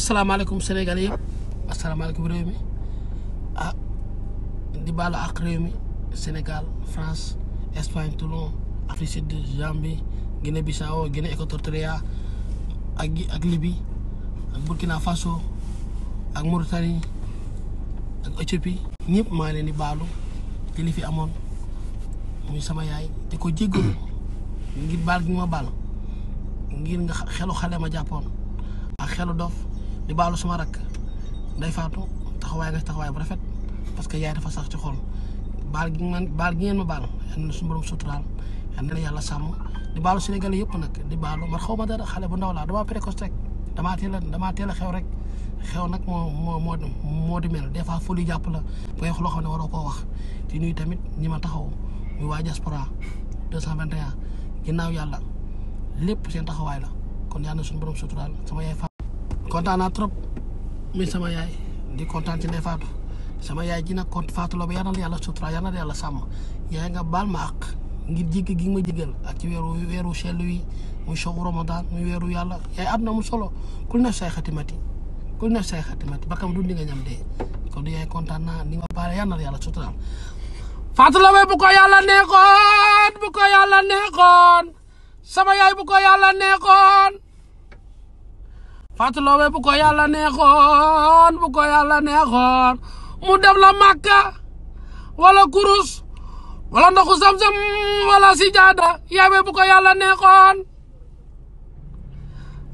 asalaamaaleykum Sénégal yëpp asalaamaaleykum réew mi ah di baalu ak réew mi Sénégal France Espagne Toulon Afrique sud Gambie Guinée Bissau Guinée Équatoriale ak ak ak Burkina Faso ak Mauritanie ak Éthiopie ñëpp maa leen di baalu ci li fi amoon muy sama yaay te ko jéggalu ngir baal gi ma baal ngir nga xelu xale ma jàppoon ak xelu dof di baalu suma rakk day faatu taxawaay nga bu rafet parce que yaay dafa sax ci xol baal gi man baal gi ngeen ma baal yal na suñu borom suturaal yal na yàlla sàmm di baalu Sénégalais yëpp nag di baalu man xaw ma dara xale bu ndaw laa dama précoce rek damaa teel a damaa teel a xew rek xew nag moo moo moo moo di mel des fois folu jàpp la ngay wax loo xam ne waroo koo wax di nuyu tamit ñi ma taxaw muy waa diaspora 221 ginnaaw yàlla lépp seen taxawaay la kon yal na suñu suturaal sama yaay kontaan naa trop mi sama yaay di kontaan si Ndeye Fatou sama yaay ji nag kon Fatou na yàlla sutura yaa na yàlla sàmm yaay nga baal ma àq ngir ma jégal ak ci weeru weeru sell wi muy soxu Ramadan yàlla yaay àdduna mu solo kul naf say xatimati kul naf say xatimati bakam du di nga ñam kontaan naa ni nga baale yal na yàlla bu ko yàlla neexoon bu ko yàlla sama yaay bu ko yàlla neexoon fàttaloowe bu ko yàlla neexoon bu ko yàlla neexoon mu def la màkka wala kurus wala ndoxu sam-sam wala sijaada yabe bu ko yàlla neexoon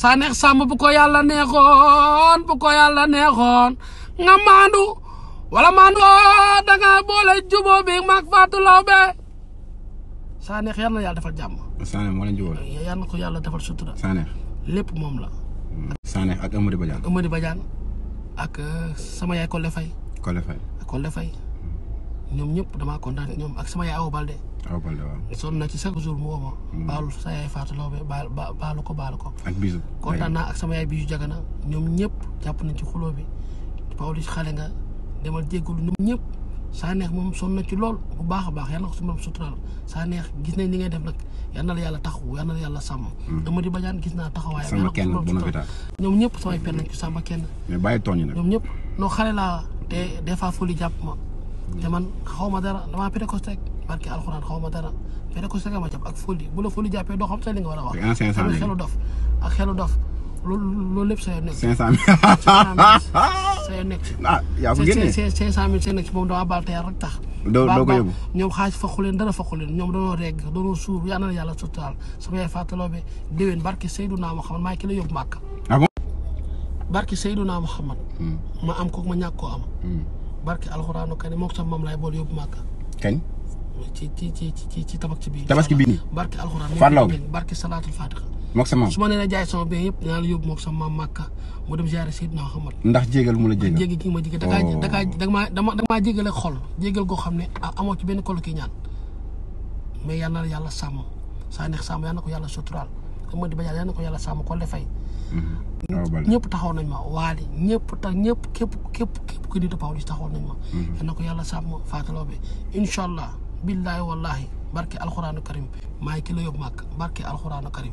sa neex bu ko yàlla neexoon bu ko yàlla neexoon nga maandu wala maandu oo boole jubóo bi mag fàttaloobe sa neex na yàlla defal jàmm. sa neex moo leen jubóo yal na ko yàlla sutura. sa neex moom la. Sané ak Amady Badiane. Amady Badiane ak euh, sama yaay Kole Faye. Kole Faye ak Kole Faye ñoom ñëpp damaa kontaan ñoom ak sama yaay Awa Balde. Awa Balde waaw. sonn na ci chaque jour mu woo ma. Mm. baalul sa yaay Fatou Laobé baal baalu ko baalu ko. ak bisu kontaan naa ak sama yaay bisu jagana ñoom ñëpp jàpp nañ ci xuloo bi Pawlish xale nga demal jégalu ñoom ñëpp. Sanekh moom sonn na ci lool bu baax a baax yal na ko su ma gis nañ li ngay def nag yal na la yàlla taxawu yal na la yàlla sàmm. Hmm. dama di bajaan gis naa taxawaayam. sama kenn ñoom ñëpp samay pen lañ ci sama kenn. mais bàyyi tooñ nag ñoom ñëpp noo xale laa te des foli jàpp ma. Hmm. te man xaw ma dara damaa pérékosté rek barki alxuraan xaw ma dara pérékosté nga ma jàpp ak foli bu la foli jàppee doo xam sa li nga war a wax. ak say nekk ci. ah yaa ko génnee cinq cinq cent mille say nekk moom dama baal teer rek tax. doo doo yóbbu ñoom xaaj faxu leen dara faxu leen ñoom dañoo regg dañoo suur yal na yàlla suturaal sama yaay fàttaloo bi déwén barke Seydouna Mouhamad maa la yóbbu màkk. ah bon. barke Seydouna Mouhamad. Hmm. ma am ko ma ñàkk koo am. Hmm. barke alxuraanu kani moom sama maam laay boole yóbbu màkk. kañ. ci ci ci ci ci tabax biir. tabax ci biir barke alxuraan. bi barke salaatul fatiha moog sa maam su ma nee na jaay sama bee yëpp dinaa la yóbbu moog sa maam Màkka mu dem ziare Seydina Muhammad ndax jégal mu la jégal jégi gi ma jégal dakaa oh. dakaa dama dama damaa jégal ak xol jégal goo xam ne amoo ci benn xol ki ñaan mais yal na la yàlla sàmm saa neex sàmm yal na ko yàlla suturaal Amady Ba yal na ko yàlla sàmm kon dafay mm-hmm. ñëpp taxaw nañ ma waali ñëpp tax ñëpp képp képp képp ku di Pawlish taxaw nañ ma mm-hmm. yal na ko yàlla sàmm fataloo bi incha allah billaahi wallaahi barke alxuraanu karim maa ngi ki la yóbbu màkk barke alxuraanu karim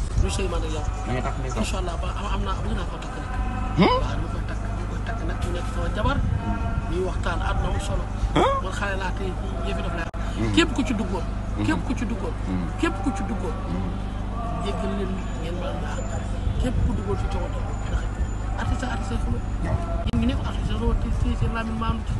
du sëy man ak yow. da ngay takk ne incha allah ba am naa bëgg naa koo takk nag. Hmm? waaw ñu koy takk ñu koy nag jabar. Hmm. ñuy waxtaan àdduna am solo. Hmm? man xale laa tey yëfi daf lay am. képp ku ci duggoon. képp ku ci duggoon. képp ku ci duggoon. jéggal leen ngeen baal naa képp ku duggoon ci coono ndax artiste artiste xuloo. yéen ñu nekk artiste xuloo te si seen laamin maam ci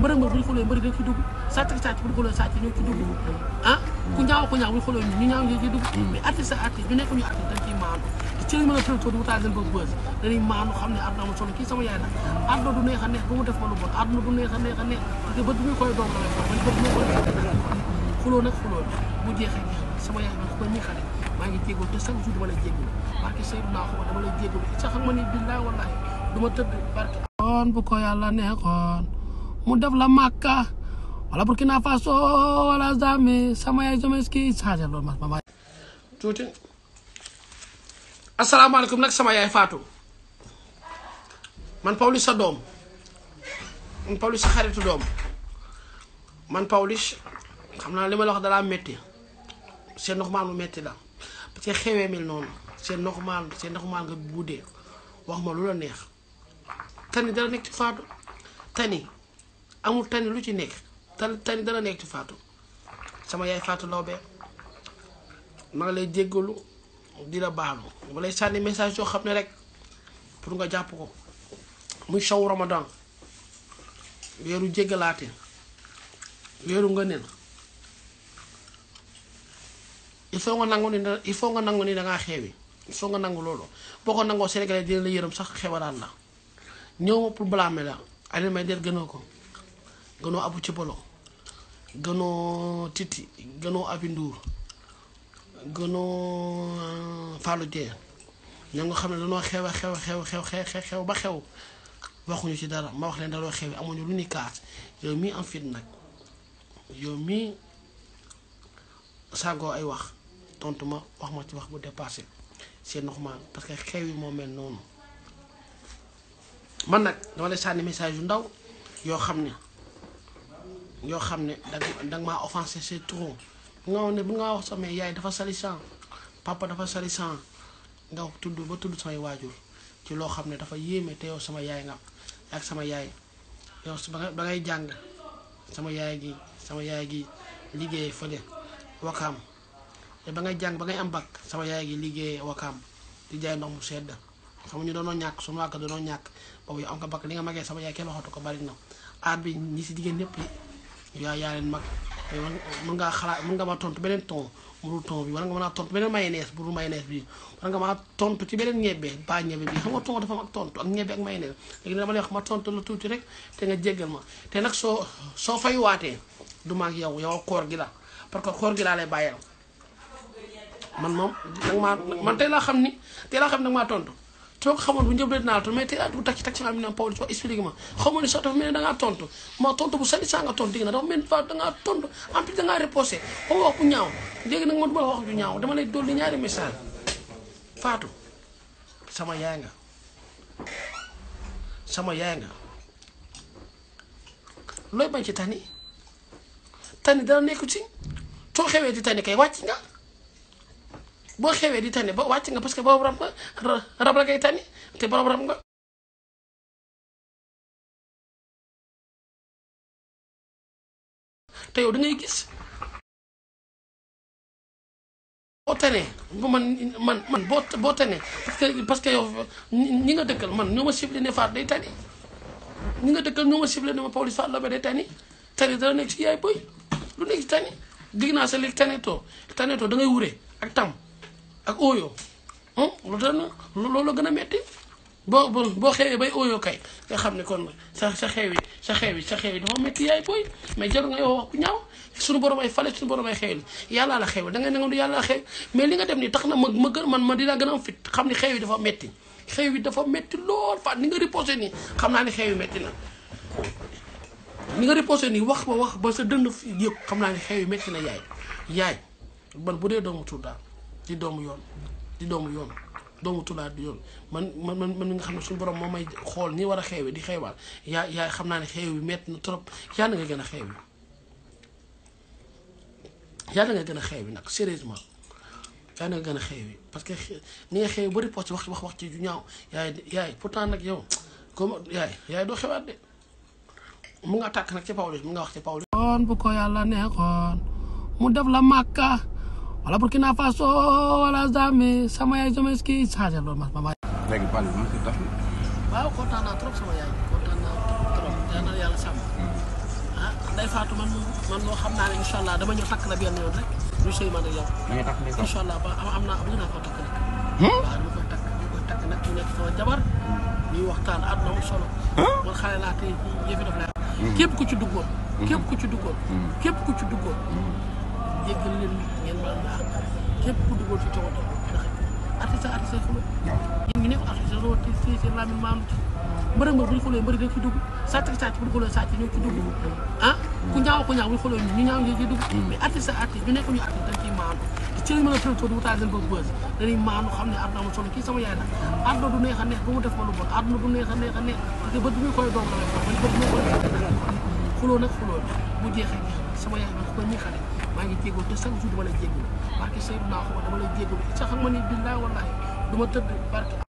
bu ñu xuloo ci dugg sàcc sàcc ah. ku ñaaw ku ñaaw bu ñu xooloo ñu ñaaw ñu dugg mais artiste artiste ñu nekk ñu artiste dañ ciy maandu ci lañ mën a tëltoo di wutaa seen bopp bës dañuy maandu xam ne àdduna amul solo kii sama yaay la àdduna du neex a neex ba mu def ma lu bon àdduna du neex a neex a neex te bët bi muy koy doon la man bët bi muy koy xuloo nag xuloo bu jeexee sama yaay ma ko ñi xale maa ngi jéggoo te chaque jour dama lay jéggoo barke Seydou naa xaw dama lay jéggoo sax xam nga ni billaay wallaay du ma tëdd barke bu ko yàlla neexoon mu def la màkka wala Burkina Faso wala Zambie sama yaay Zomeski changé loolu ma ma. tuuti sama yaay Fatou man Pawlish sa doom man Pawlish xaritu doom man Pawlish xam naa li ma la wax dalaa metti seen normal mu metti la parce que xewee mel noonu c'est normal c'est normal nga buddee wax ma lu la neex tani dara nekk ci Fatou tani amul tani lu ci nekk. tan tan dana nekk ci Fatou sama yaay Fatou Laobé maa ngi lay jéggalu di la baalu ma lay sànni message soo xam ne rek pour nga jàpp ko muy saw Ramadan weeru jéggalaate weeru nga neen il faut nga nangu ni il faut nga nangu ni dangaa xeewi il faut nga nangu loolu boo ko nangoo Sénégalais dina la yërëm sax xewaraan la ñëw ma pour blâmer la Alioune Mbaye Nder gënoo ko gënoo abu ci bolo gënoo Titi gënoo Aby gënoo euh, Fallou Dieng ña nga xam ne dañoo xew a xew xew xew xew xew ba xew waxuñu ci dara ma wax leen daloo xew amuñu lu ni kaas yow mii am fit nag yow mii saagoo ay wax tontu ma wax ma ci wax bu dépassé c'est normal parce que xew yi moo mel noonu man nag dama lay sànni message yu ndaw yoo xam ne. yoo xam ne danga maa offensé c'est trop nga ne bu ngaa wax sama yaay dafa salissant papa dafa salissant nga tudd ba tudd samay waajur ci loo xam ne dafa yéeme te yow sama yaay nga ak sama yaay yow ba ngay jàng sama yaay gi sama yaay gi liggéeyee fële wakaam te ba ngay jàng ba ngay am bac sama yaay gi liggéeye wakaam di jaay ndox mu sedd xam ñu doonoo ñàkk suñu wàkk doonoo ñàkk boobu yow am nga bac li nga magee sama yaay kenn waxatu ko bari na aar bi ñi si jigéen ñëpp yaa yaa leen mag mën ngaa xalaat mën nga maa tontu beneen ton mu dul ton bi wala nga mën a tontu beneen mayonnaise bu dul mayonnaise bi wala nga maa tontu ci beneen ñebe ba ñebe bi xam nga ton dafa am tontu ak ñebe ak mayonnaise léegi dama lay wax ma tontu la tuuti rek te nga jéggal ma te nag soo soo fay du ma ak yow yow koor gi la parce que koor gi laa lay bàyyal man moom nag xam ni tey laa xam ne nag maa tontu. soo ko xamoon bu njëb la dinaa tontu mais tey bu ah, tax ci tax ci xam ne Paul soo expliqué ma xaw ma ne sax dafa mel ne da ngaa tontu ma tontu bu sali saa nga tontu dégg na dafa mel da ñaaw léegi nag man du ma la wax ju ñaaw dama lay dolli ñaari message Fatou sama yaay nga sama yaay ci tani tani nekk ci soo xewee di tani kay wàcc nga. boo xewee di tani ba wàcc nga parce que borom rab nga rab te borom rab nga. te yow da gis. boo tanee bu man man man boo boo tanee parce que yow ñi nga dëkkal man ñoo ma ciblé ne Fatou day tani ñi nga dëkkal ñoo ma ciblé ne ma Pawlish Fatou Laobé day tani tani dara nekk ci yaay boy lu nekk ci tani digg naa sa léegi tanetoo tanetoo da ngay wure ak tam ak ooyo lu tax na loolu gën a metti boo boo xewee bay ooyo kay nga xam ne kon sa sa xeewi sa yi sa xeewi dafa metti yaay booy mais jarul nga yow ñaaw suñu borom ay fale suñu borom ay xeewi yàllaa la xeewi da ngay nangu yàllaa xeewi mais li nga dem nii tax na ma ma gën man man dina gën a am fit xam ne xeewi dafa metti xeewi dafa metti lool fa ni nga reposé nii xam naa ne xeewi metti na ni nga reposé nii wax ba wax ba sa dënn yëpp xam naa ne xeewi metti na yaay yaay man bu dee doomu tuur daal di doomu yoon di doomu yoon doomu tulaat di yoon man man man man mi nga xam ne suñu borom moo may xool ni war a xeewee di xeewal yaa yaa xam naa ne xeew bi metti na trop yaa nga gën a xeew nga gën a xeew nag sérieusement yaa nga gën a xeew parce que ni nga xeew ba riposte wax wax wax ci ju ñaaw yaay yaay pourtant nag yow comme yaay yaay doo xewaat de mu nga attaque nag ci Pawlish mu nga wax ci Pawlish. bu ko yàlla neexoon mu def la màkka. wala Burkina Faso oh, wala Zambie sama yaay Zomes kii changé loolu man ma. léegi Pall bi si tax. waaw kontaan naa trop sama yaay kontaan naa trop yàlla na yàlla sàmm. ah day faatu man man naa ne incha allah dama ñëw takk la benn yoon rek ñu sëy man ak yow. takk nii incha ba am naa bëgg takk nag. waaw ñu koy takk ñu takk nag ñu nekk jabar. ñuy waxtaan àdduna mu solo. man xale laa tey yëfi daf lay képp ku ci duggoon. képp ku ci duggoon. ku ci duggoon. jéggal leen ngeen baal nga àq képp ku duggoon ci coow tam ndax artiste artiste xulo yéen ngi nekk artiste soo te si seen laamin maam ci mbërë mbër bu ñu xuloo mbëri dañ fi dugg sàcc sàcc bu ñu xuloo sàcc ñoo fi dugg ah ku ñaaw ku ñaaw bu ñu xuloo ñu ñaaw ñoo ciy dugg mm. mais artiste artiste ñu a préto di xam ne àdduna neex a neex ba mu def ma lu bon àdduna du neex a neex a neex parce que ba du muy koy doom la xuloo nag xuloo bu jeexee sama yaay ma ko ñi xale maa ngi jéego te chaque jour dama lay jéego barke Seydou Ndaa xaw dama lay jéego sax xam ma ni billaahi wallaahi du ma tëdd barke